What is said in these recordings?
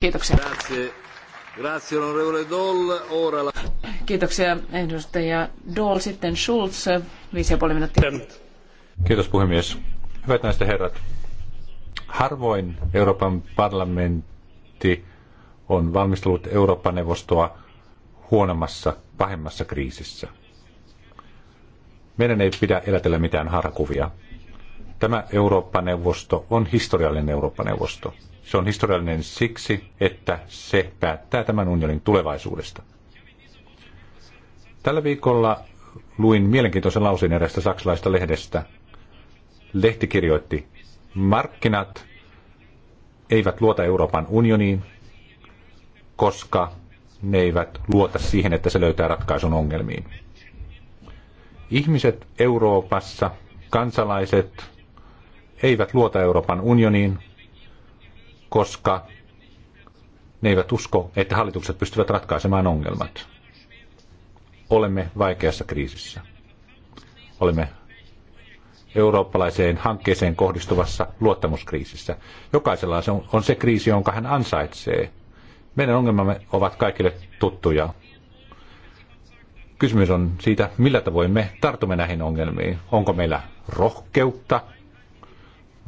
Kiitoksia. Grazie. onorevole Doll. Ora la... Kiitoksia, edustaja Doll. Sitten Schulz, viisi ja puoli minuuttia. Kiitos puhemies. Hyvät naiset herrat. Harvoin Euroopan parlamentti on valmistellut Eurooppa-neuvostoa huonommassa, pahemmassa kriisissä. Meidän ei pidä elätellä mitään harkuvia. Tämä Eurooppa-neuvosto on historiallinen Eurooppa-neuvosto. Se on historiallinen siksi, että se päättää tämän unionin tulevaisuudesta. Tällä viikolla luin mielenkiintoisen lausin erästä saksalaista lehdestä. Lehti kirjoitti, markkinat eivät luota Euroopan unioniin, koska ne eivät luota siihen, että se löytää ratkaisun ongelmiin. Ihmiset Euroopassa, kansalaiset, eivät luota Euroopan unioniin, koska ne eivät usko, että hallitukset pystyvät ratkaisemaan ongelmat. Olemme vaikeassa kriisissä. Olemme eurooppalaiseen hankkeeseen kohdistuvassa luottamuskriisissä. Jokaisella se on, on se kriisi, jonka hän ansaitsee. Meidän ongelmamme ovat kaikille tuttuja. Kysymys on siitä, millä tavoin me tartumme näihin ongelmiin. Onko meillä rohkeutta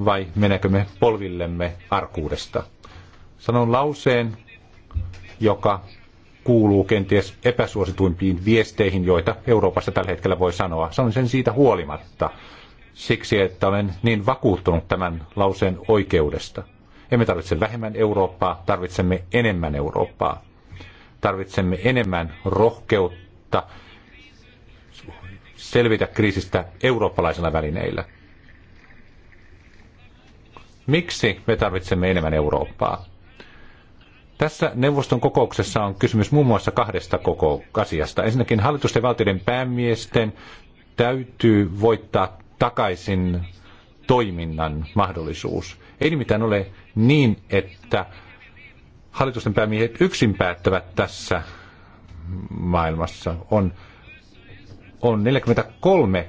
vai menekö me polvillemme arkuudesta. Sanon lauseen, joka kuuluu kenties epäsuosituimpiin viesteihin, joita Euroopassa tällä hetkellä voi sanoa. Sanon sen siitä huolimatta, siksi että olen niin vakuuttunut tämän lauseen oikeudesta. Emme tarvitse vähemmän Eurooppaa, tarvitsemme enemmän Eurooppaa. Tarvitsemme enemmän rohkeutta selvitä kriisistä eurooppalaisilla välineillä. Miksi me tarvitsemme enemmän Eurooppaa? Tässä neuvoston kokouksessa on kysymys muun muassa kahdesta koko asiasta. Ensinnäkin hallitusten valtioiden päämiesten täytyy voittaa takaisin toiminnan mahdollisuus. Ei nimittäin ole niin, että hallitusten päämiehet yksin päättävät tässä maailmassa. On, on 43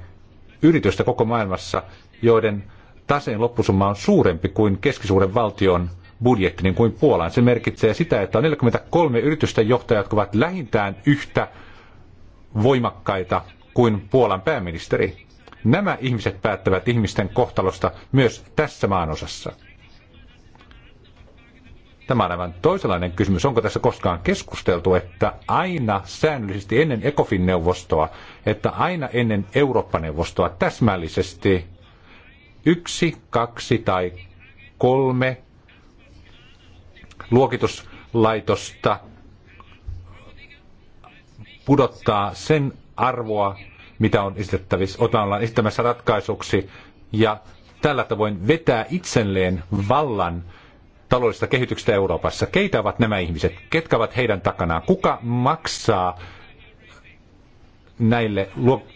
yritystä koko maailmassa, joiden taseen loppusumma on suurempi kuin keskisuuren valtion budjetti, niin kuin Puolan. Se merkitsee sitä, että on 43 yritysten johtajat, jotka ovat lähintään yhtä voimakkaita kuin Puolan pääministeri. Nämä ihmiset päättävät ihmisten kohtalosta myös tässä maanosassa. Tämä on aivan toisenlainen kysymys. Onko tässä koskaan keskusteltu, että aina säännöllisesti ennen ECOFIN-neuvostoa, että aina ennen Eurooppa-neuvostoa täsmällisesti yksi, kaksi tai kolme luokituslaitosta pudottaa sen arvoa, mitä on esitettävissä, ollaan esittämässä ratkaisuksi, ja tällä tavoin vetää itselleen vallan taloudellista kehityksestä Euroopassa. Keitä ovat nämä ihmiset? Ketkä ovat heidän takanaan? Kuka maksaa näille luo,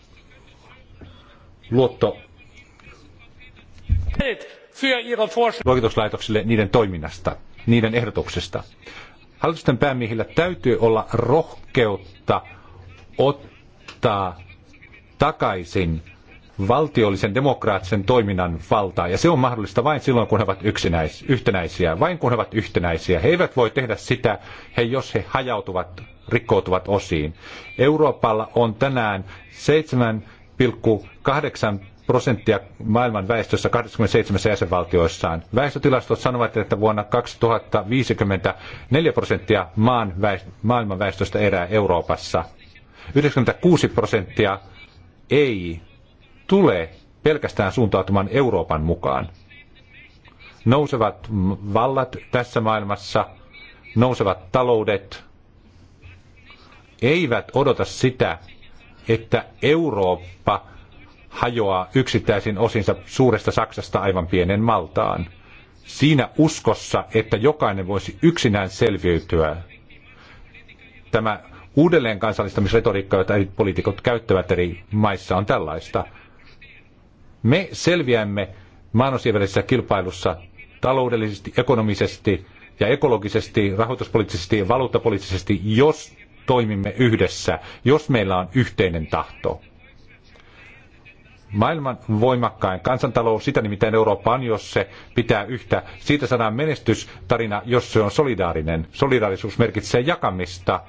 luokituslaitoksille niiden toiminnasta, niiden ehdotuksesta. Hallitusten päämiehillä täytyy olla rohkeutta ottaa takaisin valtiollisen demokraattisen toiminnan valtaa. Ja se on mahdollista vain silloin, kun he ovat yksinäis, yhtenäisiä. Vain kun he ovat yhtenäisiä. He eivät voi tehdä sitä, he, jos he hajautuvat, rikkoutuvat osiin. Euroopalla on tänään 7,8 prosenttia maailman väestössä 27 jäsenvaltioissaan. Väestötilastot sanovat, että vuonna 2050 4 prosenttia maan väest- maailman väestöstä erää Euroopassa. 96 prosenttia ei tule pelkästään suuntautumaan Euroopan mukaan. Nousevat vallat tässä maailmassa, nousevat taloudet, eivät odota sitä, että Eurooppa – hajoaa yksittäisin osinsa suuresta Saksasta aivan pienen Maltaan. Siinä uskossa, että jokainen voisi yksinään selviytyä. Tämä uudelleen kansallistamisretoriikka, jota eri poliitikot käyttävät eri maissa, on tällaista. Me selviämme maanosien välisessä kilpailussa taloudellisesti, ekonomisesti ja ekologisesti, rahoituspoliittisesti ja valuuttapoliittisesti, jos toimimme yhdessä, jos meillä on yhteinen tahto maailman voimakkain kansantalous, sitä nimittäin Eurooppa on, jos se pitää yhtä. Siitä saadaan menestystarina, jos se on solidaarinen. Solidaarisuus merkitsee jakamista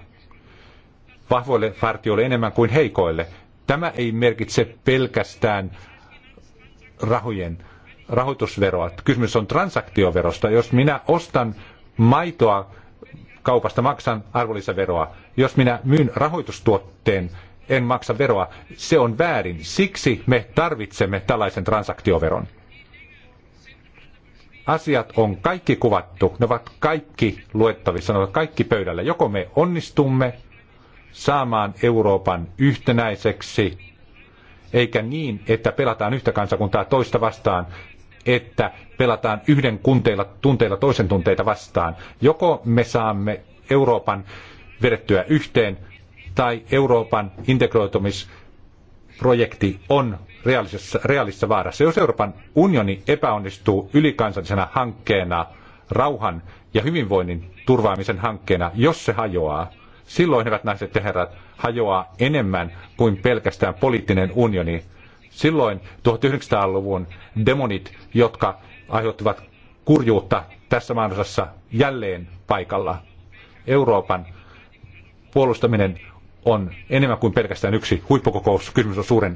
vahvoille partioille enemmän kuin heikoille. Tämä ei merkitse pelkästään rahojen rahoitusveroa. Kysymys on transaktioverosta. Jos minä ostan maitoa kaupasta, maksan arvonlisäveroa. Jos minä myyn rahoitustuotteen, en maksa veroa. Se on väärin. Siksi me tarvitsemme tällaisen transaktioveron. Asiat on kaikki kuvattu, ne ovat kaikki luettavissa, ne ovat kaikki pöydällä. Joko me onnistumme saamaan Euroopan yhtenäiseksi, eikä niin, että pelataan yhtä kansakuntaa toista vastaan, että pelataan yhden kunteilla, tunteilla toisen tunteita vastaan. Joko me saamme Euroopan vedettyä yhteen tai Euroopan integroitumisprojekti on reaalisessa, reaalisessa vaarassa. Jos Euroopan unioni epäonnistuu ylikansallisena hankkeena, rauhan ja hyvinvoinnin turvaamisen hankkeena, jos se hajoaa, silloin, hyvät naiset ja herrat, hajoaa enemmän kuin pelkästään poliittinen unioni. Silloin 1900-luvun demonit, jotka aiheuttivat kurjuutta tässä maanosassa jälleen paikalla. Euroopan puolustaminen on enemmän kuin pelkästään yksi huippukokous. Kysymys on suuren